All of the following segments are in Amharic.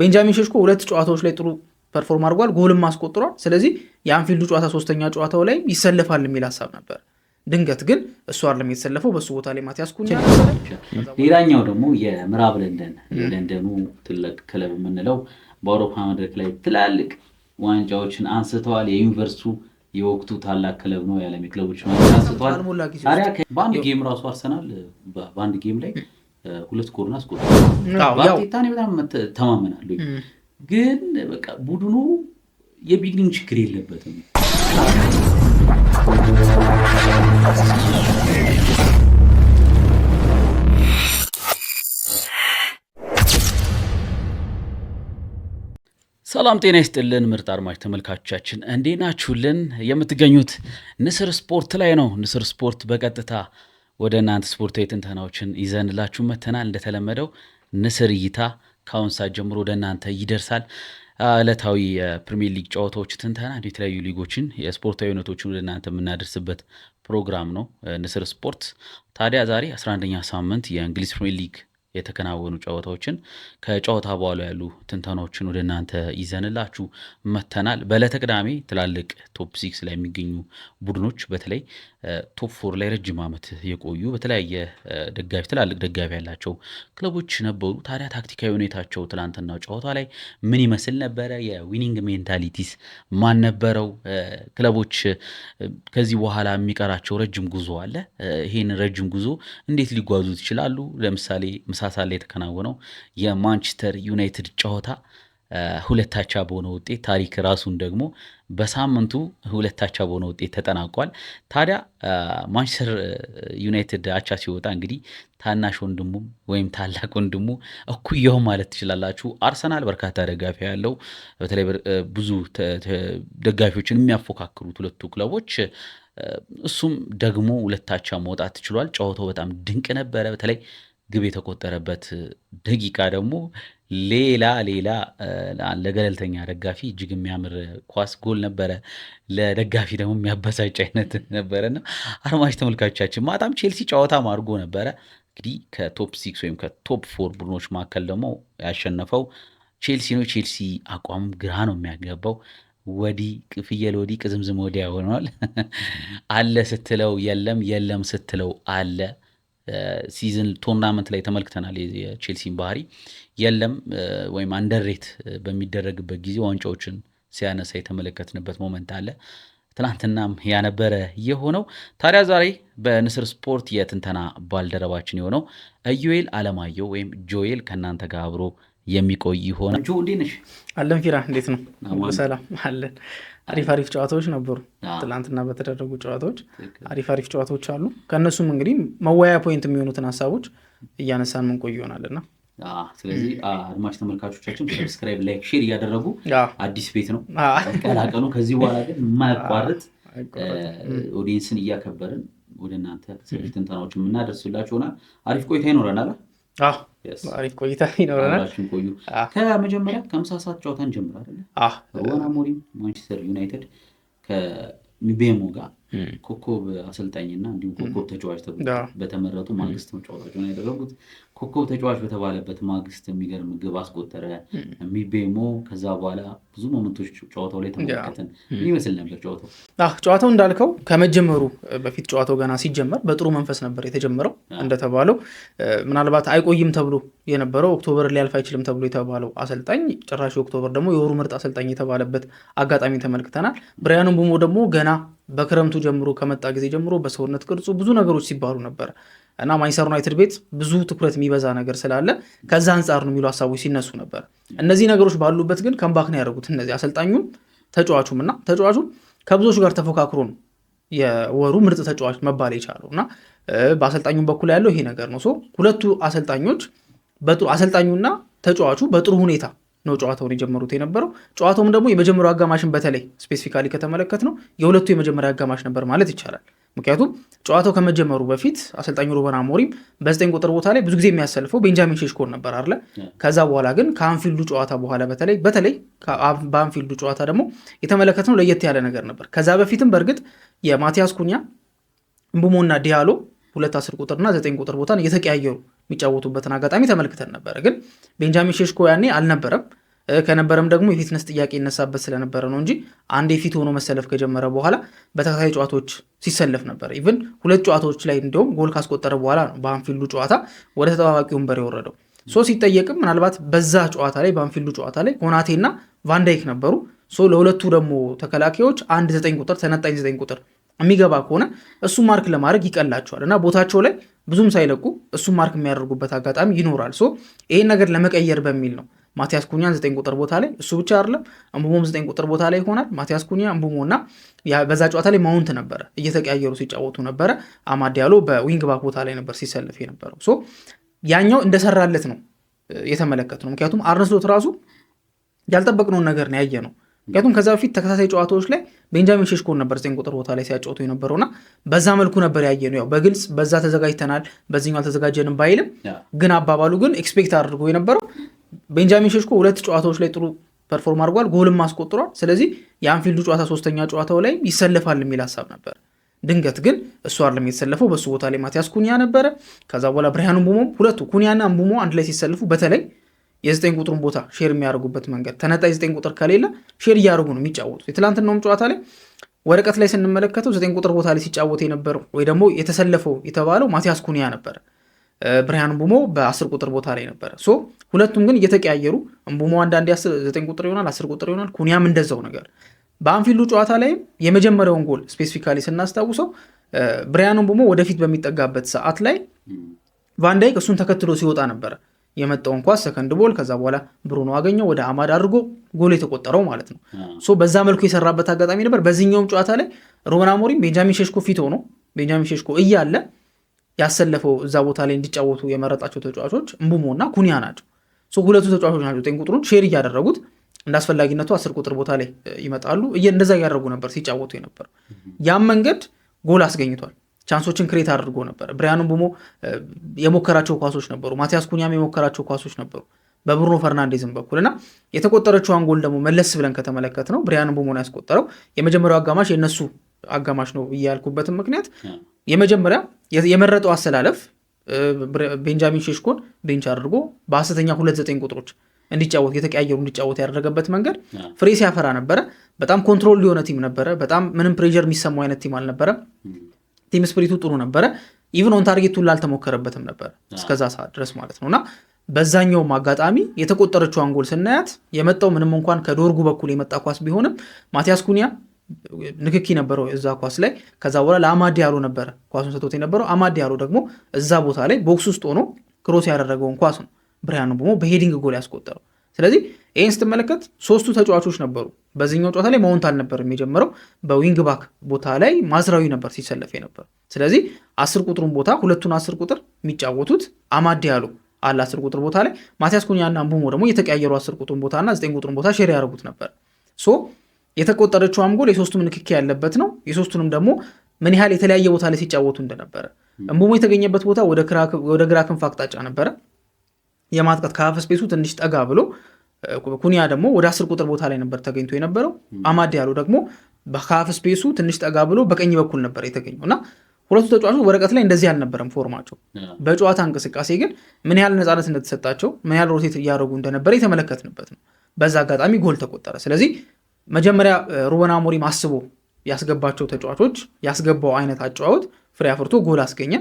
ቤንጃሚን ሸሽኮ ሁለት ጨዋታዎች ላይ ጥሩ ፐርፎርም አድርጓል፣ ጎልም አስቆጥሯል። ስለዚህ የአንፊልዱ ጨዋታ ሶስተኛ ጨዋታው ላይ ይሰለፋል የሚል ሀሳብ ነበር። ድንገት ግን እሱ አይደለም የተሰለፈው፣ በሱ ቦታ ላይ ማቲያስ ኩኛ። ሌላኛው ደግሞ የምዕራብ ለንደን ለንደኑ ትልቅ ክለብ የምንለው በአውሮፓ መድረክ ላይ ትላልቅ ዋንጫዎችን አንስተዋል። የዩኒቨርስቱ የወቅቱ ታላቅ ክለብ ነው፣ የዓለም የክለቦች አንስተዋል። በአንድ ጌም ራሱ አርሰናል በአንድ ጌም ላይ ሁለት ኮርና አስቆጥሯል። በጣም ተማመናለሁ። ግን በቃ ቡድኑ የቢግኒንግ ችግር የለበትም። ሰላም ጤና ይስጥልን ምርጥ አድማጭ ተመልካቾቻችን እንዴ ናችሁልን? የምትገኙት ንስር ስፖርት ላይ ነው። ንስር ስፖርት በቀጥታ ወደ እናንተ ስፖርታዊ ትንተናዎችን ይዘንላችሁ መተናል። እንደተለመደው ንስር እይታ ከአሁን ሰዓት ጀምሮ ወደ እናንተ ይደርሳል። ዕለታዊ የፕሪሚየር ሊግ ጨዋታዎች ትንተና፣ የተለያዩ ሊጎችን የስፖርታዊ እውነቶችን ወደ እናንተ የምናደርስበት ፕሮግራም ነው ንስር ስፖርት። ታዲያ ዛሬ 11ኛ ሳምንት የእንግሊዝ ፕሪሚየር ሊግ የተከናወኑ ጨዋታዎችን ከጨዋታ በኋላ ያሉ ትንተናዎችን ወደ እናንተ ይዘንላችሁ መተናል። በዕለተ ቅዳሜ ትላልቅ ቶፕ ሲክስ ላይ የሚገኙ ቡድኖች በተለይ ቶፕ ፎር ላይ ረጅም ዓመት የቆዩ በተለያየ ደጋፊ ትላልቅ ደጋፊ ያላቸው ክለቦች ነበሩ። ታዲያ ታክቲካዊ ሁኔታቸው ትናንትና ጨዋታ ላይ ምን ይመስል ነበረ? የዊኒንግ ሜንታሊቲስ ማን ነበረው? ክለቦች ከዚህ በኋላ የሚቀራቸው ረጅም ጉዞ አለ። ይህን ረጅም ጉዞ እንዴት ሊጓዙት ይችላሉ? ለምሳሌ ምሳሳ ላይ የተከናወነው የማንቸስተር ዩናይትድ ጨዋታ ሁለታቻ በሆነ ውጤት ታሪክ ራሱን ደግሞ በሳምንቱ ሁለታቻ በሆነ ውጤት ተጠናቋል። ታዲያ ማንቸስተር ዩናይትድ አቻ ሲወጣ እንግዲህ ታናሽ ወንድሙ ወይም ታላቅ ወንድሙ እኩያው ማለት ትችላላችሁ። አርሰናል በርካታ ደጋፊ ያለው በተለይ ብዙ ደጋፊዎችን የሚያፎካክሩት ሁለቱ ክለቦች እሱም ደግሞ ሁለታቻ መውጣት ችሏል። ጨዋታው በጣም ድንቅ ነበረ። በተለይ ግብ የተቆጠረበት ደቂቃ ደግሞ ሌላ ሌላ ለገለልተኛ ደጋፊ እጅግ የሚያምር ኳስ ጎል ነበረ። ለደጋፊ ደግሞ የሚያበሳጭ አይነት ነበረና አድማጭ ተመልካቾቻችን ማጣም ቼልሲ ጨዋታም አድርጎ ነበረ። እንግዲህ ከቶፕ ሲክስ ወይም ከቶፕ ፎር ቡድኖች መካከል ደግሞ ያሸነፈው ቼልሲ ነው። ቼልሲ አቋም ግራ ነው የሚያገባው። ወዲህ ፍየል ወዲህ ቅዝምዝም ወዲያ ሆኗል። አለ ስትለው የለም፣ የለም ስትለው አለ ሲዝን ቶርናመንት ላይ ተመልክተናል። የቼልሲን ባህሪ የለም ወይም አንደሬት በሚደረግበት ጊዜ ዋንጫዎችን ሲያነሳ የተመለከትንበት ሞመንት አለ። ትናንትናም ያነበረ የሆነው ታዲያ ዛሬ በንስር ስፖርት የትንተና ባልደረባችን የሆነው እዩኤል አለማየሁ ወይም ጆኤል ከእናንተ ጋር አብሮ የሚቆይ ይሆናል። አለን ፊራ እንዴት ነው? ሰላም አለን። አሪፍ አሪፍ ጨዋታዎች ነበሩ። ትላንትና በተደረጉ ጨዋታዎች አሪፍ አሪፍ ጨዋታዎች አሉ። ከእነሱም እንግዲህ መወያያ ፖይንት የሚሆኑትን ሀሳቦች እያነሳን ምን ቆይ ይሆናልና ስለዚህ አድማጭ ተመልካቾቻችን ሰብስክራይብ፣ ላይክ፣ ሼር እያደረጉ አዲስ ቤት ነው ቀላቀሉ። ከዚህ በኋላ ግን የማያቋርጥ ኦዲየንስን እያከበርን ወደ እናንተ ስለዚህ ትንተናዎች የምናደርስላችሁ ሆናል። አሪፍ ቆይታ ይኖረናል። አሪፍ ቆይታ ይኖረናል። ቆዩ ከመጀመሪያ ከምሳ ሰዓት ጨዋታን ጀምር አለ ሩበን አሞሪም ማንቸስተር ዩናይትድ ከቤሞ ጋር ኮኮብ አሰልጣኝና እንዲሁም ኮኮብ ተጫዋች ተብሎ በተመረጡ ማግስት ጨዋታቸውን ያደረጉት ኮከብ ተጫዋች በተባለበት ማግስት የሚገርም ግብ አስቆጠረ። የሚቤሞ ከዛ በኋላ ብዙ ሞመንቶች ጨዋታው ላይ ተመለከትን። ይመስል ነበር ጨዋታው? ጨዋታው እንዳልከው ከመጀመሩ በፊት ጨዋታው ገና ሲጀመር በጥሩ መንፈስ ነበር የተጀመረው። እንደተባለው ምናልባት አይቆይም ተብሎ የነበረው ኦክቶበር ሊያልፍ አይችልም ተብሎ የተባለው አሰልጣኝ ጭራሽ ኦክቶበር ደግሞ የወሩ ምርጥ አሰልጣኝ የተባለበት አጋጣሚ ተመልክተናል። ብራያን ምቡሞ ደግሞ ገና በክረምቱ ጀምሮ ከመጣ ጊዜ ጀምሮ በሰውነት ቅርጹ ብዙ ነገሮች ሲባሉ ነበር እና ማንችስተር ዩናይትድ ቤት ብዙ ትኩረት የሚበዛ ነገር ስላለ ከዛ አንጻር ነው የሚሉ ሀሳቦች ሲነሱ ነበር። እነዚህ ነገሮች ባሉበት ግን ከምባክ ነው ያደረጉት እነዚህ አሰልጣኙም ተጫዋቹም እና ተጫዋቹም ከብዙዎች ጋር ተፎካክሮ ነው የወሩ ምርጥ ተጫዋች መባል የቻለው እና በአሰልጣኙም በኩል ያለው ይሄ ነገር ነው። ሁለቱ አሰልጣኞች አሰልጣኙና ተጫዋቹ በጥሩ ሁኔታ ነው ጨዋታውን የጀመሩት የነበረው። ጨዋታውም ደግሞ የመጀመሪያው አጋማሽን በተለይ ስፔሲፊካሊ ከተመለከት ነው የሁለቱ የመጀመሪያ አጋማሽ ነበር ማለት ይቻላል። ምክንያቱም ጨዋታው ከመጀመሩ በፊት አሰልጣኙ ሩበን አሞሪም በዘጠኝ ቁጥር ቦታ ላይ ብዙ ጊዜ የሚያሰልፈው ቤንጃሚን ሼሽኮን ነበር አለ። ከዛ በኋላ ግን ከአንፊልዱ ጨዋታ በኋላ በተለይ በተለይ በአንፊልዱ ጨዋታ ደግሞ የተመለከትነው ለየት ያለ ነገር ነበር። ከዛ በፊትም በእርግጥ የማቲያስ ኩኛ ቡሞና ዲያሎ ሁለት አስር ቁጥርና ዘጠኝ ቁጥር ቦታን እየተቀያየሩ የሚጫወቱበትን አጋጣሚ ተመልክተን ነበረ። ግን ቤንጃሚን ሼሽኮ ያኔ አልነበረም። ከነበረም ደግሞ የፊትነስ ጥያቄ ይነሳበት ስለነበረ ነው እንጂ አንድ የፊት ሆኖ መሰለፍ ከጀመረ በኋላ በተከታታይ ጨዋታዎች ሲሰለፍ ነበር። ኢቭን ሁለት ጨዋታዎች ላይ እንዲሁም ጎል ካስቆጠረ በኋላ ነው በአንፊልዱ ጨዋታ ወደ ተጠባባቂ ወንበር የወረደው። ሶ ሲጠየቅም ምናልባት በዛ ጨዋታ ላይ በአንፊልዱ ጨዋታ ላይ ኮናቴና ቫንዳይክ ነበሩ። ሶ ለሁለቱ ደግሞ ተከላካዮች አንድ ዘጠኝ ቁጥር ተነጣኝ ዘጠኝ ቁጥር የሚገባ ከሆነ እሱ ማርክ ለማድረግ ይቀላቸዋል እና ቦታቸው ላይ ብዙም ሳይለቁ እሱን ማርክ የሚያደርጉበት አጋጣሚ ይኖራል። ሶ ይሄን ነገር ለመቀየር በሚል ነው ማቲያስ ኩኛን ዘጠኝ ቁጥር ቦታ ላይ እሱ ብቻ አይደለም እምቡሞም ዘጠኝ ቁጥር ቦታ ላይ ይሆናል። ማቲያስ ኩኛ እምቡሞ እና በዛ ጨዋታ ላይ ማውንት ነበረ እየተቀያየሩ ሲጫወቱ ነበረ። አማድ ያሎ በዊንግ ባክ ቦታ ላይ ነበር ሲሰልፍ የነበረው። ሶ ያኛው እንደሰራለት ነው የተመለከት ነው። ምክንያቱም አርነስሎት ራሱ ያልጠበቅነውን ነገር ነው ያየ ነው ምክንያቱም ከዛ በፊት ተከታታይ ጨዋታዎች ላይ ቤንጃሚን ሼሽኮን ነበር ዘጠኝ ቁጥር ቦታ ላይ ሲያጫወቱ የነበረውና በዛ መልኩ ነበር ያየ ነው። ያው በግልጽ በዛ ተዘጋጅተናል በዚኛው አልተዘጋጀንም ባይልም ግን አባባሉ ግን ኤክስፔክት አድርጎ የነበረው ቤንጃሚን ሼሽኮ ሁለት ጨዋታዎች ላይ ጥሩ ፐርፎርም አድርጓል፣ ጎልም አስቆጥሯል። ስለዚህ የአንፊልዱ ጨዋታ ሶስተኛ ጨዋታው ላይ ይሰለፋል የሚል ሀሳብ ነበር። ድንገት ግን እሱ አይደለም የተሰለፈው። በእሱ ቦታ ላይ ማቲያስ ኩኒያ ነበረ። ከዛ በኋላ ብርሃኑ ቡሞ ሁለቱ ኩኒያና ቡሞ አንድ ላይ ሲሰልፉ በተለይ የዘጠኝ ቁጥሩን ቦታ ሼር የሚያደርጉበት መንገድ ተነጣይ ዘጠኝ ቁጥር ከሌለ ሼር እያደርጉ ነው የሚጫወቱት። የትላንትናውም ጨዋታ ላይ ወረቀት ላይ ስንመለከተው ዘጠኝ ቁጥር ቦታ ላይ ሲጫወት የነበረው ወይ ደግሞ የተሰለፈው የተባለው ማቲያስ ኩኒያ ነበረ። ብርሃን ቡሞ በአስር ቁጥር ቦታ ላይ ነበረ። ሶ ሁለቱም ግን እየተቀያየሩ ቡሞ አንዳንዴ ዘጠኝ ቁጥር ይሆናል፣ አስር ቁጥር ይሆናል። ኩኒያም እንደዛው ነገር በአንፊሉ ጨዋታ ላይም የመጀመሪያውን ጎል ስፔሲፊካሊ ስናስታውሰው ብርሃን ቡሞ ወደፊት በሚጠጋበት ሰዓት ላይ ቫንዳይክ እሱን ተከትሎ ሲወጣ ነበረ የመጣውን ኳስ ሰከንድ ቦል ከዛ በኋላ ብሩኖ አገኘው ወደ አማድ አድርጎ ጎል የተቆጠረው ማለት ነው። በዛ መልኩ የሰራበት አጋጣሚ ነበር። በዚህኛውም ጨዋታ ላይ ሩበን አሞሪም ቤንጃሚን ሸሽኮ ፊት ሆኖ ቤንጃሚን ሸሽኮ እያለ ያሰለፈው እዛ ቦታ ላይ እንዲጫወቱ የመረጣቸው ተጫዋቾች እምቡሞ እና ኩኒያ ናቸው። ሁለቱ ተጫዋቾች ናቸው ጤን ቁጥሩን ሼር እያደረጉት እንደ አስፈላጊነቱ አስር ቁጥር ቦታ ላይ ይመጣሉ። እንደዛ እያደረጉ ነበር ሲጫወቱ የነበረው ያም መንገድ ጎል አስገኝቷል። ቻንሶችን ክሬት አድርጎ ነበር። ብሪያን ምቡሞ የሞከራቸው ኳሶች ነበሩ። ማቲያስ ኩኛም የሞከራቸው ኳሶች ነበሩ በብሩኖ ፈርናንዴዝም በኩል እና የተቆጠረችው አንጎል ደግሞ መለስ ብለን ከተመለከት ነው ብሪያን ምቡሞን ያስቆጠረው የመጀመሪያው አጋማሽ የእነሱ አጋማሽ ነው እያልኩበትም ምክንያት የመጀመሪያ የመረጠው አሰላለፍ ቤንጃሚን ሼሽኮን ቤንች አድርጎ በሐሰተኛ ሁለት ዘጠኝ ቁጥሮች እንዲጫወት የተቀያየሩ እንዲጫወት ያደረገበት መንገድ ፍሬ ሲያፈራ ነበረ። በጣም ኮንትሮል ሊሆነ ቲም ነበረ። በጣም ምንም ፕሬዥር የሚሰማው አይነት ቲም አልነበረም። ቲም ስፕሪቱ ጥሩ ነበረ። ኢቭን ኦን ታርጌት ሁላ አልተሞከረበትም ነበር እስከዛ ሰዓት ድረስ ማለት ነው እና በዛኛውም አጋጣሚ የተቆጠረችው አንጎል ስናያት የመጣው ምንም እንኳን ከዶርጉ በኩል የመጣ ኳስ ቢሆንም ማቲያስ ኩኒያ ንክኪ ነበረው እዛ ኳስ ላይ። ከዛ በኋላ ለአማዲ ያሮ ነበረ ኳሱን ሰቶት የነበረው። አማዲ ያሮ ደግሞ እዛ ቦታ ላይ ቦክስ ውስጥ ሆኖ ክሮስ ያደረገውን ኳስ ነው ብሪያኑ ቦሞ በሄዲንግ ጎል ያስቆጠረው። ስለዚህ ይህን ስትመለከት ሶስቱ ተጫዋቾች ነበሩ። በዚህኛው ጨዋታ ላይ መሆንት አልነበርም የጀመረው፣ በዊንግ ባክ ቦታ ላይ ማዝራዊ ነበር ሲሰለፍ ነበር ስለዚህ አስር ቁጥሩን ቦታ ሁለቱን አስር ቁጥር የሚጫወቱት አማድ ያሉ አለ አስር ቁጥር ቦታ ላይ ማቲያስ ኩኛና ምቡሞ ደግሞ የተቀያየሩ አስር ቁጥሩን ቦታና ዘጠኝ ቁጥሩን ቦታ ሼር ያደርጉት ነበር። ሶ የተቆጠረችው አምጎል የሶስቱም ንክኪ ያለበት ነው። የሶስቱንም ደግሞ ምን ያህል የተለያየ ቦታ ላይ ሲጫወቱ እንደነበረ ምቡሞ የተገኘበት ቦታ ወደ ግራ ክንፍ አቅጣጫ ነበረ። የማጥቃት ከሀፍ ስፔሱ ትንሽ ጠጋ ብሎ ኩኒያ ደግሞ ወደ አስር ቁጥር ቦታ ላይ ነበር ተገኝቶ የነበረው። አማድ ያሉ ደግሞ ከሀፍ ስፔሱ ትንሽ ጠጋ ብሎ በቀኝ በኩል ነበር የተገኘው እና ሁለቱ ተጫዋቾች ወረቀት ላይ እንደዚህ አልነበረም ፎርማቸው። በጨዋታ እንቅስቃሴ ግን ምን ያህል ነፃነት እንደተሰጣቸው ምን ያህል ሮቴት እያደረጉ እንደነበረ የተመለከትንበት ነው። በዛ አጋጣሚ ጎል ተቆጠረ። ስለዚህ መጀመሪያ ሩበን አሞሪም አስቦ ያስገባቸው ተጫዋቾች ያስገባው አይነት አጨዋወት ፍሬ አፍርቶ ጎል አስገኘ።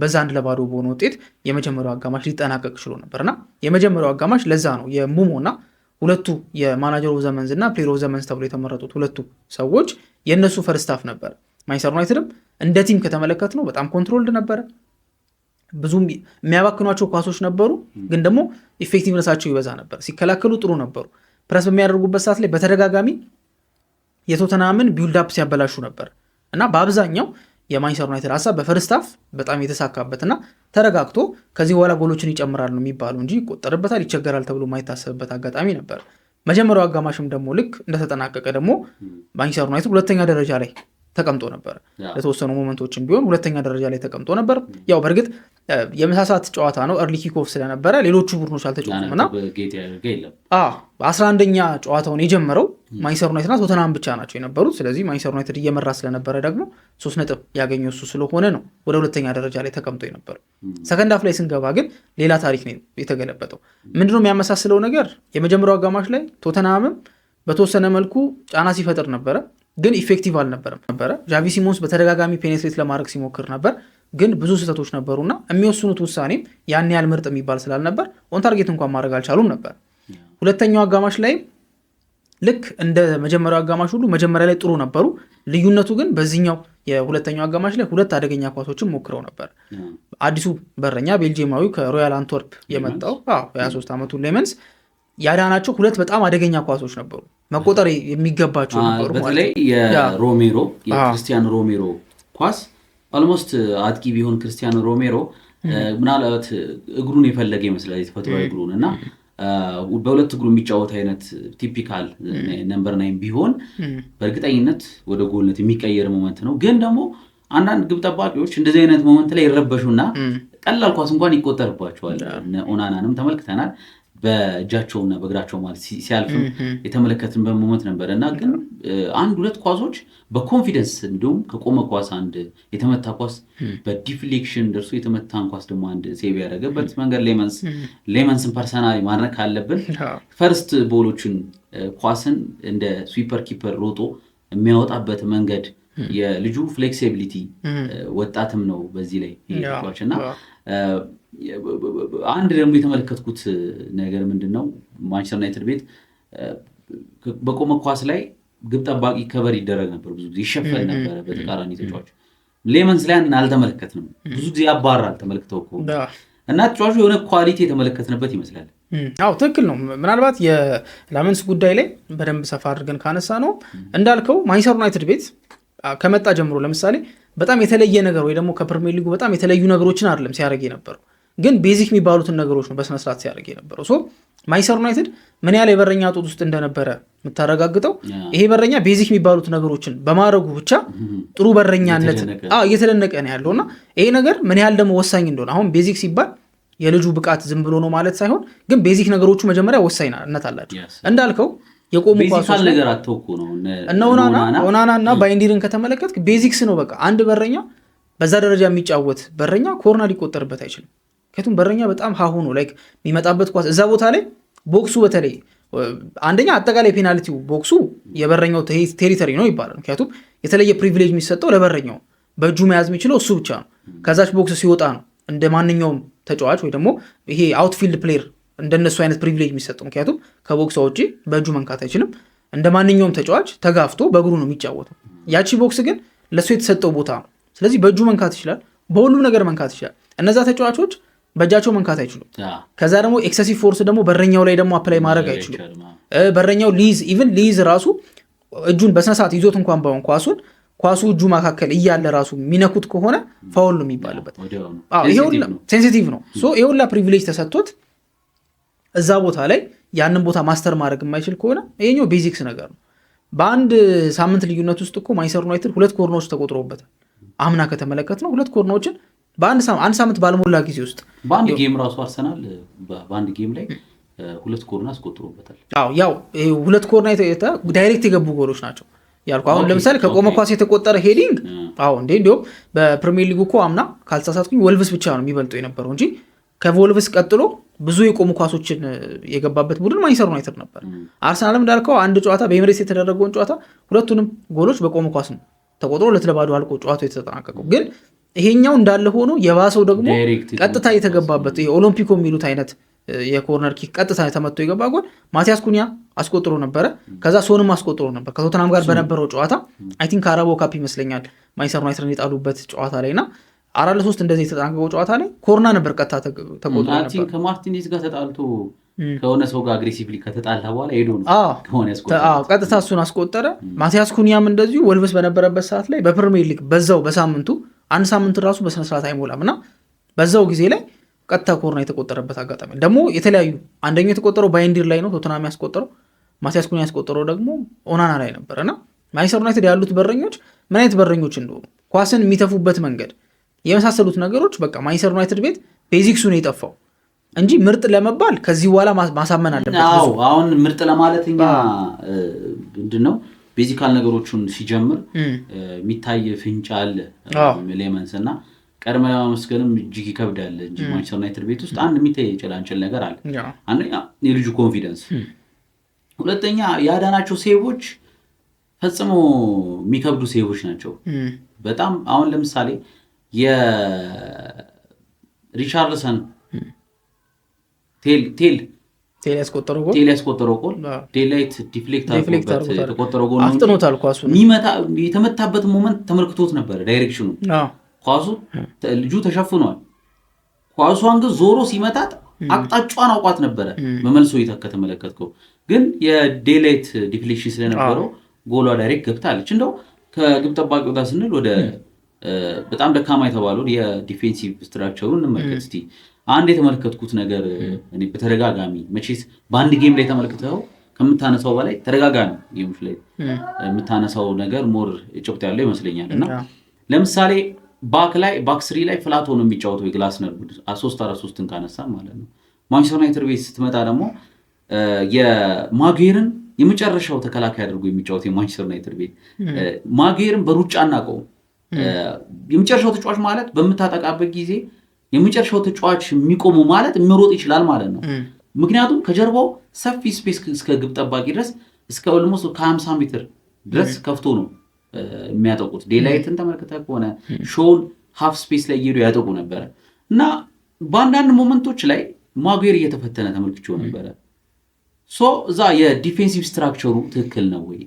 በዛ አንድ ለባዶ በሆነ ውጤት የመጀመሪያው አጋማሽ ሊጠናቀቅ ችሎ ነበርና የመጀመሪያው አጋማሽ ለዛ ነው የሙሞና ሁለቱ የማናጀር ኦፍ ዘመንዝ እና ፕሌር ኦፍ ዘመንዝ ተብሎ የተመረጡት ሁለቱ ሰዎች የእነሱ ፈርስታፍ ነበር። ማንችስተር ዩናይትድም እንደ ቲም ከተመለከት ነው በጣም ኮንትሮልድ ነበረ። ብዙም የሚያባክኗቸው ኳሶች ነበሩ፣ ግን ደግሞ ኢፌክቲቭነሳቸው ይበዛ ነበር። ሲከላከሉ ጥሩ ነበሩ። ፕረስ በሚያደርጉበት ሰዓት ላይ በተደጋጋሚ የቶተናምን ቢውልዳፕ ሲያበላሹ ነበር እና በአብዛኛው የማንቸስተር ዩናይትድ ሀሳብ በፈርስት ሀፍ በጣም የተሳካበትና ተረጋግቶ ከዚህ በኋላ ጎሎችን ይጨምራል ነው የሚባለው እንጂ ይቆጠርበታል፣ ይቸገራል ተብሎ የማይታሰብበት አጋጣሚ ነበር። መጀመሪያው አጋማሽም ደግሞ ልክ እንደተጠናቀቀ ደግሞ ማንቸስተር ዩናይትድ ሁለተኛ ደረጃ ላይ ተቀምጦ ነበር። ለተወሰኑ ሞመንቶችን ቢሆን ሁለተኛ ደረጃ ላይ ተቀምጦ ነበር። ያው በእርግጥ የመሳሳት ጨዋታ ነው፣ እርሊ ኪኮፍ ስለነበረ ሌሎቹ ቡድኖች አልተጫወቱም ና አስራ አንደኛ ጨዋታውን የጀመረው ማንችስተር ዩናይትድና ቶተናም ብቻ ናቸው የነበሩት። ስለዚህ ማንችስተር ዩናይትድ እየመራ ስለነበረ ደግሞ ሶስት ነጥብ ያገኘው እሱ ስለሆነ ነው ወደ ሁለተኛ ደረጃ ላይ ተቀምጦ የነበረው። ሰከንድ ላይ ስንገባ ግን ሌላ ታሪክ ነው የተገለበጠው። ምንድነው የሚያመሳስለው ነገር? የመጀመሪያው አጋማሽ ላይ ቶተናምም በተወሰነ መልኩ ጫና ሲፈጥር ነበረ ግን ኢፌክቲቭ አልነበረም ነበረ። ጃቪ ሲሞንስ በተደጋጋሚ ፔኔትሬት ለማድረግ ሲሞክር ነበር፣ ግን ብዙ ስህተቶች ነበሩና የሚወስኑት ውሳኔም ያን ያህል ምርጥ የሚባል ስላልነበር ኦን ታርጌት እንኳን ማድረግ አልቻሉም ነበር። ሁለተኛው አጋማሽ ላይም ልክ እንደ መጀመሪያው አጋማሽ ሁሉ መጀመሪያ ላይ ጥሩ ነበሩ። ልዩነቱ ግን በዚህኛው የሁለተኛው አጋማሽ ላይ ሁለት አደገኛ ኳሶችን ሞክረው ነበር። አዲሱ በረኛ ቤልጂየማዊው ከሮያል አንትወርፕ የመጣው 23 ዓመቱ ሌመንስ ያዳናቸው ሁለት በጣም አደገኛ ኳሶች ነበሩ፣ መቆጠር የሚገባቸው ነበሩ። በተለይ የሮሜሮ የክርስቲያን ሮሜሮ ኳስ ኦልሞስት አጥቂ ቢሆን ክርስቲያን ሮሜሮ ምናልባት እግሩን የፈለገ ይመስላል የተፈጥሯዊ እግሩን እና በሁለት እግሩ የሚጫወት አይነት ቲፒካል ነምበር ናይን ቢሆን በእርግጠኝነት ወደ ጎልነት የሚቀየር ሞመንት ነው። ግን ደግሞ አንዳንድ ግብ ጠባቂዎች እንደዚህ አይነት ሞመንት ላይ ይረበሹና ቀላል ኳስ እንኳን ይቆጠርባቸዋል። ኦናናንም ተመልክተናል። በእጃቸውና በእግራቸው ማለት ሲያልፍም የተመለከትን በመሞት ነበር እና ግን አንድ ሁለት ኳሶች በኮንፊደንስ እንዲሁም ከቆመ ኳስ አንድ የተመታ ኳስ በዲፍሌክሽን ደርሶ የተመታን ኳስ ደግሞ አንድ ሴቭ ያደረገበት መንገድ ሌመንስ ሌመንስን ፐርሰናል ማድረግ አለብን። ፈርስት ቦሎችን ኳስን እንደ ስዊፐር ኪፐር ሮጦ የሚያወጣበት መንገድ የልጁ ፍሌክሲቢሊቲ ወጣትም ነው በዚህ ላይ እና አንድ ደግሞ የተመለከትኩት ነገር ምንድን ነው፣ ማንቸስተር ዩናይትድ ቤት በቆመ ኳስ ላይ ግብ ጠባቂ ከበር ይደረግ ነበር፣ ብዙ ጊዜ ይሸፈን ነበረ በተቃራኒ ተጫዋች። ሌመንስ ላይ አልተመለከትንም፣ ብዙ ጊዜ ያባራል ተመልክተው ከሆነ እና ተጫዋቹ የሆነ ኳሊቲ የተመለከትንበት ይመስላል። አዎ ትክክል ነው። ምናልባት የላመንስ ጉዳይ ላይ በደንብ ሰፋ አድርገን ካነሳ ነው እንዳልከው ማንቸስተር ዩናይትድ ቤት ከመጣ ጀምሮ ለምሳሌ በጣም የተለየ ነገር ወይ ደግሞ ከፕሪሚየር ሊጉ በጣም የተለዩ ነገሮችን አይደለም ሲያደርግ የነበረው ግን ቤዚክ የሚባሉትን ነገሮች ነው በስነስርዓት ሲያደርግ የነበረው። ሶ ማንችስተር ዩናይትድ ምን ያህል የበረኛ ጦት ውስጥ እንደነበረ የምታረጋግጠው ይሄ በረኛ ቤዚክ የሚባሉት ነገሮችን በማድረጉ ብቻ ጥሩ በረኛነት እየተደነቀ ነው ያለው እና ይሄ ነገር ምን ያህል ደግሞ ወሳኝ እንደሆነ አሁን ቤዚክ ሲባል የልጁ ብቃት ዝም ብሎ ነው ማለት ሳይሆን፣ ግን ቤዚክ ነገሮቹ መጀመሪያ ወሳኝነት አላቸው እንዳልከው የቆሙ ኳሶች እና ባይንዲርን ከተመለከት ቤዚክስ ነው። በቃ አንድ በረኛ በዛ ደረጃ የሚጫወት በረኛ ኮርና ሊቆጠርበት አይችልም። ምክንያቱም በረኛ በጣም ሀሁ ነው ላይክ የሚመጣበት ኳስ እዛ ቦታ ላይ ቦክሱ በተለይ አንደኛ አጠቃላይ ፔናልቲው ቦክሱ የበረኛው ቴሪተሪ ነው ይባላል። ምክንያቱም የተለየ ፕሪቪሌጅ የሚሰጠው ለበረኛው በእጁ መያዝ የሚችለው እሱ ብቻ ነው። ከዛች ቦክስ ሲወጣ ነው እንደ ማንኛውም ተጫዋች ወይ ደግሞ ይሄ አውትፊልድ ፕሌየር እንደነሱ አይነት ፕሪቪሌጅ የሚሰጠው ምክንያቱም ከቦክሷ ውጭ በእጁ መንካት አይችልም። እንደ ማንኛውም ተጫዋች ተጋፍቶ በእግሩ ነው የሚጫወተው። ያቺ ቦክስ ግን ለእሱ የተሰጠው ቦታ ነው። ስለዚህ በእጁ መንካት ይችላል፣ በሁሉም ነገር መንካት ይችላል። እነዛ ተጫዋቾች በእጃቸው መንካት አይችሉም። ከዛ ደግሞ ኤክሰሲቭ ፎርስ ደግሞ በረኛው ላይ ደግሞ አፕላይ ማድረግ አይችሉም። በረኛው ሊይዝ ኢቭን ሊይዝ ራሱ እጁን በስነስርዓት ይዞት እንኳን ባይሆን ኳሱን ኳሱ እጁ መካከል እያለ ራሱ የሚነኩት ከሆነ ፋውል ነው የሚባልበት። ሴንሲቲቭ ነው። ይሄ ሁላ ፕሪቪሌጅ ተሰጥቶት እዛ ቦታ ላይ ያንን ቦታ ማስተር ማድረግ የማይችል ከሆነ ይሄኛው ቤዚክስ ነገር ነው። በአንድ ሳምንት ልዩነት ውስጥ እኮ ማንችስተር ዩናይትድ ሁለት ኮርናዎች ተቆጥሮበታል። አምና ከተመለከት ነው ሁለት ኮርናዎችን በአንድ ሳምንት ባልሞላ ጊዜ ውስጥ በአንድ ጌም ራሱ አርሰናል በአንድ ጌም ላይ ሁለት ኮርና አስቆጥሮበታል። ያው ሁለት ኮርና የተ ዳይሬክት የገቡ ጎሎች ናቸው ያልኩ። አሁን ለምሳሌ ከቆመ ኳስ የተቆጠረ ሄዲንግ አሁ እንዴ እንዲሁም በፕሪሚየር ሊግ እኮ አምና ካልተሳሳትኩኝ ወልቭስ ብቻ ነው የሚበልጡ የነበረው እንጂ ከቮልቭስ ቀጥሎ ብዙ የቆሙ ኳሶችን የገባበት ቡድን ማንችስተር ዩናይትድ ነበር። አርሰናልም እንዳልከው አንድ ጨዋታ በኤምሬትስ የተደረገውን ጨዋታ ሁለቱንም ጎሎች በቆመ ኳስ ነው ተቆጥሮ ሁለት ለባዶ አልቆ ጨዋታው የተጠናቀቀው ግን ይሄኛው እንዳለ ሆኖ የባሰው ደግሞ ቀጥታ የተገባበት ኦሎምፒኮ የሚሉት አይነት የኮርነር ኪክ ቀጥታ ተመቶ የገባ ጎል ማቲያስ ኩኒያ አስቆጥሮ ነበረ። ከዛ ሶንም አስቆጥሮ ነበር ከቶተናም ጋር በነበረው ጨዋታ አይ ቲንክ ካራቦ ካፕ ይመስለኛል ማንችስተር ዩናይትድን የጣሉበት ጨዋታ ላይ እና አራት ለሶስት እንደዚህ የተጠናቀቀው ጨዋታ ላይ ኮርና ነበር ቀጥታ ተቆጥሮ ነበር። ከማርቲኔዝ ጋር ተጣልቶ ከሆነ ሰው ጋር አግሬሲቭሊ ከተጣላ በኋላ ሄዶ ነው ቀጥታ እሱን አስቆጠረ። ማቲያስ ኩኒያም እንደዚሁ ወልቨስ በነበረበት ሰዓት ላይ በፕሪሚየር ሊግ በዛው በሳምንቱ አንድ ሳምንት ራሱ በስነስርዓት አይሞላም እና በዛው ጊዜ ላይ ቀጥታ ኮርና የተቆጠረበት አጋጣሚ ደግሞ የተለያዩ አንደኛው የተቆጠረው ባይንዲር ላይ ነው፣ ቶተናም ያስቆጠረው፣ ማሲያስ ኩኛ ያስቆጠረው ደግሞ ኦናና ላይ ነበር እና ማንቸስተር ዩናይትድ ያሉት በረኞች ምን አይነት በረኞች እንደሆኑ ኳስን የሚተፉበት መንገድ የመሳሰሉት ነገሮች በቃ ማንቸስተር ዩናይትድ ቤት ቤዚክሱ ነው የጠፋው እንጂ ምርጥ ለመባል ከዚህ በኋላ ማሳመን አለበት። አሁን ምርጥ ለማለት እኛ ምንድን ነው ቤዚካል ነገሮቹን ሲጀምር የሚታይ ፍንጫ አለ ሌመንስ እና ቀድመ ለማመስገንም እጅግ ይከብዳል እንጂ ማንቸስተር ዩናይትድ ቤት ውስጥ አንድ የሚታይ ጭላንጭል ነገር አለ። አንደኛ የልጁ ኮንፊደንስ፣ ሁለተኛ ያዳናቸው ሴቦች ፈጽሞ የሚከብዱ ሴቦች ናቸው። በጣም አሁን ለምሳሌ የሪቻርልሰን ቴል ቴሌ ያስቆጠረው ጎል ቴሌ ያስቆጠረው ጎል ዴላይት ዲፍሌክት የተቆጠረው ጎል አፍጥኖታል። ኳሱ የተመታበት ሞመንት ተመልክቶት ነበረ። ዳይሬክሽኑ ኳሱ ልጁ ተሸፍኗል። ኳሷን ግን ዞሮ ሲመታት አቅጣጫዋን አውቋት ነበረ። በመልሶ እይታ ከተመለከትከው ግን የዴላይት ዲፍሌክሽን ስለነበረው ጎሏ ዳይሬክት ገብታለች። እንደው ከግብ ጠባቂ ጋር ስንል ወደ በጣም ደካማ የተባለውን የዲፌንሲቭ ስትራክቸሩን እንመልከት እስኪ አንድ የተመለከትኩት ነገር በተደጋጋሚ መቼስ በአንድ ጌም ላይ ተመልክተው ከምታነሳው በላይ ተደጋጋሚ ጌሞች ላይ የምታነሳው ነገር ሞር ጭብጥ ያለው ይመስለኛል። እና ለምሳሌ ባክ ላይ ባክ ስሪ ላይ ፍላት ሆኖ የሚጫወተው የግላስነር ቡድን ሶስት አራት ሶስትን ካነሳ ማለት ነው። ማንቸስተር ዩናይትድ ቤት ስትመጣ ደግሞ የማጌርን የመጨረሻው ተከላካይ አድርጎ የሚጫወት የማንቸስተር ዩናይትድ ቤት ማጌርን በሩጫ እናቀው የመጨረሻው ተጫዋች ማለት በምታጠቃበት ጊዜ የመጨረሻው ተጫዋች የሚቆሙ ማለት የሚሮጥ ይችላል ማለት ነው። ምክንያቱም ከጀርባው ሰፊ ስፔስ እስከ ግብ ጠባቂ ድረስ እስከ ኦልሞስት ከ50 ሜትር ድረስ ከፍቶ ነው የሚያጠቁት። ዴላይትን ተመልክተ ከሆነ ሾውን ሀፍ ስፔስ ላይ እየሄዱ ያጠቁ ነበረ እና በአንዳንድ ሞመንቶች ላይ ማጉር እየተፈተነ ተመልክቼው ነበረ። ሶ እዛ የዲፌንሲቭ ስትራክቸሩ ትክክል ነው ወይ?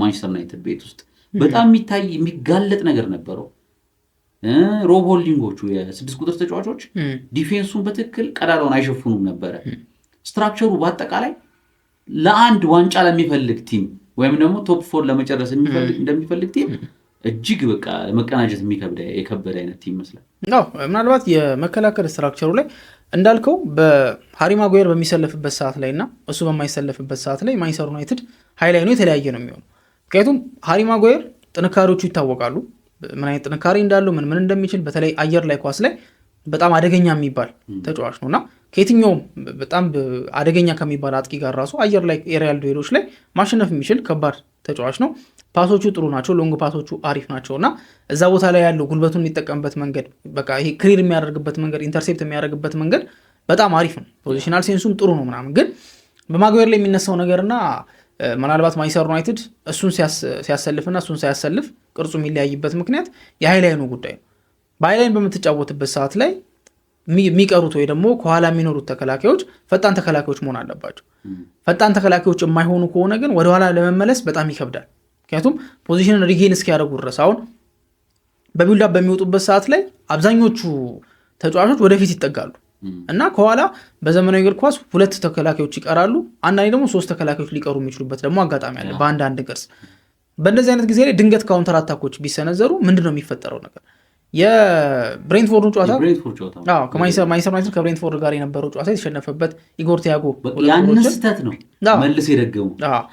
ማንቸስተር ዩናይትድ ቤት ውስጥ በጣም የሚታይ የሚጋለጥ ነገር ነበረው። ሮብ ሆልዲንጎቹ የስድስት ቁጥር ተጫዋቾች ዲፌንሱን በትክክል ቀዳዳውን አይሸፍኑም ነበረ። ስትራክቸሩ በአጠቃላይ ለአንድ ዋንጫ ለሚፈልግ ቲም ወይም ደግሞ ቶፕ ፎር ለመጨረስ እንደሚፈልግ ቲም እጅግ በቃ ለመቀናጀት የከበደ አይነት ቲም ይመስላል። ምናልባት የመከላከል ስትራክቸሩ ላይ እንዳልከው በሃሪ ማጓየር በሚሰለፍበት ሰዓት ላይ እና እሱ በማይሰለፍበት ሰዓት ላይ ማንችስተር ዩናይትድ ሃይላይኑ የተለያየ ነው የሚሆኑ። ምክንያቱም ሃሪ ማጓየር ጥንካሬዎቹ ይታወቃሉ ምን አይነት ጥንካሬ እንዳለው ምን ምን እንደሚችል በተለይ አየር ላይ ኳስ ላይ በጣም አደገኛ የሚባል ተጫዋች ነው እና ከየትኛውም በጣም አደገኛ ከሚባል አጥቂ ጋር ራሱ አየር ላይ ኤሪያል ዱዌሎች ላይ ማሸነፍ የሚችል ከባድ ተጫዋች ነው። ፓሶቹ ጥሩ ናቸው፣ ሎንግ ፓሶቹ አሪፍ ናቸው እና እዛ ቦታ ላይ ያለው ጉልበቱን የሚጠቀምበት መንገድ በቃ ይሄ ክሪር የሚያደርግበት መንገድ፣ ኢንተርሴፕት የሚያደርግበት መንገድ በጣም አሪፍ ነው። ፖዚሽናል ሴንሱም ጥሩ ነው ምናምን ግን በማግበር ላይ የሚነሳው ነገርና ምናልባት ማንቸስተር ዩናይትድ እሱን ሲያሰልፍና እሱን ሳያሰልፍ ቅርጹ የሚለያይበት ምክንያት የሀይላይኑ ጉዳይ ነው። በሀይላይን በምትጫወትበት ሰዓት ላይ የሚቀሩት ወይ ደግሞ ከኋላ የሚኖሩት ተከላካዮች ፈጣን ተከላካዮች መሆን አለባቸው። ፈጣን ተከላካዮች የማይሆኑ ከሆነ ግን ወደኋላ ለመመለስ በጣም ይከብዳል። ምክንያቱም ፖዚሽንን ሪጌን እስኪያደርጉ ድረስ አሁን በቢልዳፕ በሚወጡበት ሰዓት ላይ አብዛኞቹ ተጫዋቾች ወደፊት ይጠጋሉ። Hmm. እና ከኋላ በዘመናዊ እግር ኳስ ሁለት ተከላካዮች ይቀራሉ። አንዳንዴ ደግሞ ሶስት ተከላካዮች ሊቀሩ የሚችሉበት ደግሞ አጋጣሚ አለ በአንዳንድ ቅርጽ። በእንደዚህ አይነት ጊዜ ላይ ድንገት ካውንተር አታኮች ቢሰነዘሩ ምንድን ነው የሚፈጠረው ነገር? የብሬንትፎርዱ ጨዋታ ማንቸስተር ዩናይትድ ከብሬንትፎርድ ጋር የነበረው ጨዋታ የተሸነፈበት ኢጎር ቲያጎ ነው መልስ የደገሙ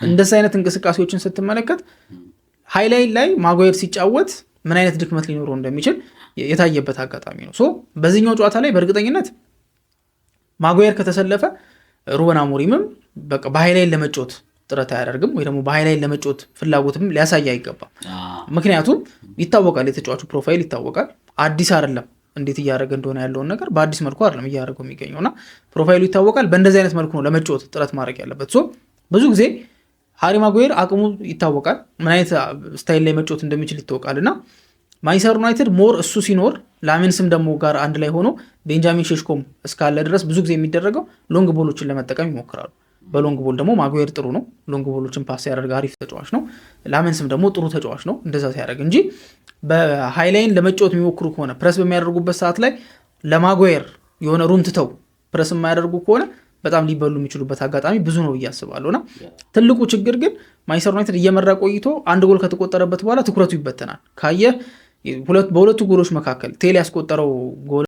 እንደዚህ አይነት እንቅስቃሴዎችን ስትመለከት ሃይላይት ላይ ማጓየር ሲጫወት ምን አይነት ድክመት ሊኖረው እንደሚችል የታየበት አጋጣሚ ነው። በዚህኛው ጨዋታ ላይ በእርግጠኝነት ማጉየር ከተሰለፈ ሩበን አሞሪምም በቃ በሀይላይን ለመጮት ጥረት አያደርግም ወይ ደግሞ በሀይላይን ለመጮት ፍላጎትም ሊያሳይ አይገባም። ምክንያቱም ይታወቃል፣ የተጫዋቹ ፕሮፋይል ይታወቃል። አዲስ አይደለም እንዴት እያደረገ እንደሆነ ያለውን ነገር በአዲስ መልኩ አይደለም እያደረገው የሚገኘው እና ፕሮፋይሉ ይታወቃል። በእንደዚህ አይነት መልኩ ነው ለመጫወት ጥረት ማድረግ ያለበት። ብዙ ጊዜ ሃሪ ማጉየር አቅሙ ይታወቃል፣ ምን አይነት ስታይል ላይ መጫወት እንደሚችል ይታወቃል እና ማንችስተር ዩናይትድ ሞር እሱ ሲኖር ላሜንስም ደግሞ ጋር አንድ ላይ ሆኖ ቤንጃሚን ሼሽኮም እስካለ ድረስ ብዙ ጊዜ የሚደረገው ሎንግ ቦሎችን ለመጠቀም ይሞክራሉ። በሎንግ ቦል ደግሞ ማጉዌር ጥሩ ነው። ሎንግ ቦሎችን ፓስ ያደርግ አሪፍ ተጫዋች ነው። ላመንስም ደግሞ ጥሩ ተጫዋች ነው። እንደዛ ሲያደርግ እንጂ በሃይላይን ለመጫወት የሚሞክሩ ከሆነ ፕረስ በሚያደርጉበት ሰዓት ላይ ለማጉዌር የሆነ ሩም ትተው ፕረስ የማያደርጉ ከሆነ በጣም ሊበሉ የሚችሉበት አጋጣሚ ብዙ ነው ብዬ አስባለሁ። እና ትልቁ ችግር ግን ማንቸስተር ዩናይትድ እየመራ ቆይቶ አንድ ጎል ከተቆጠረበት በኋላ ትኩረቱ ይበተናል። ካየህ በሁለቱ ጎሎች መካከል ቴሌ ያስቆጠረው ጎል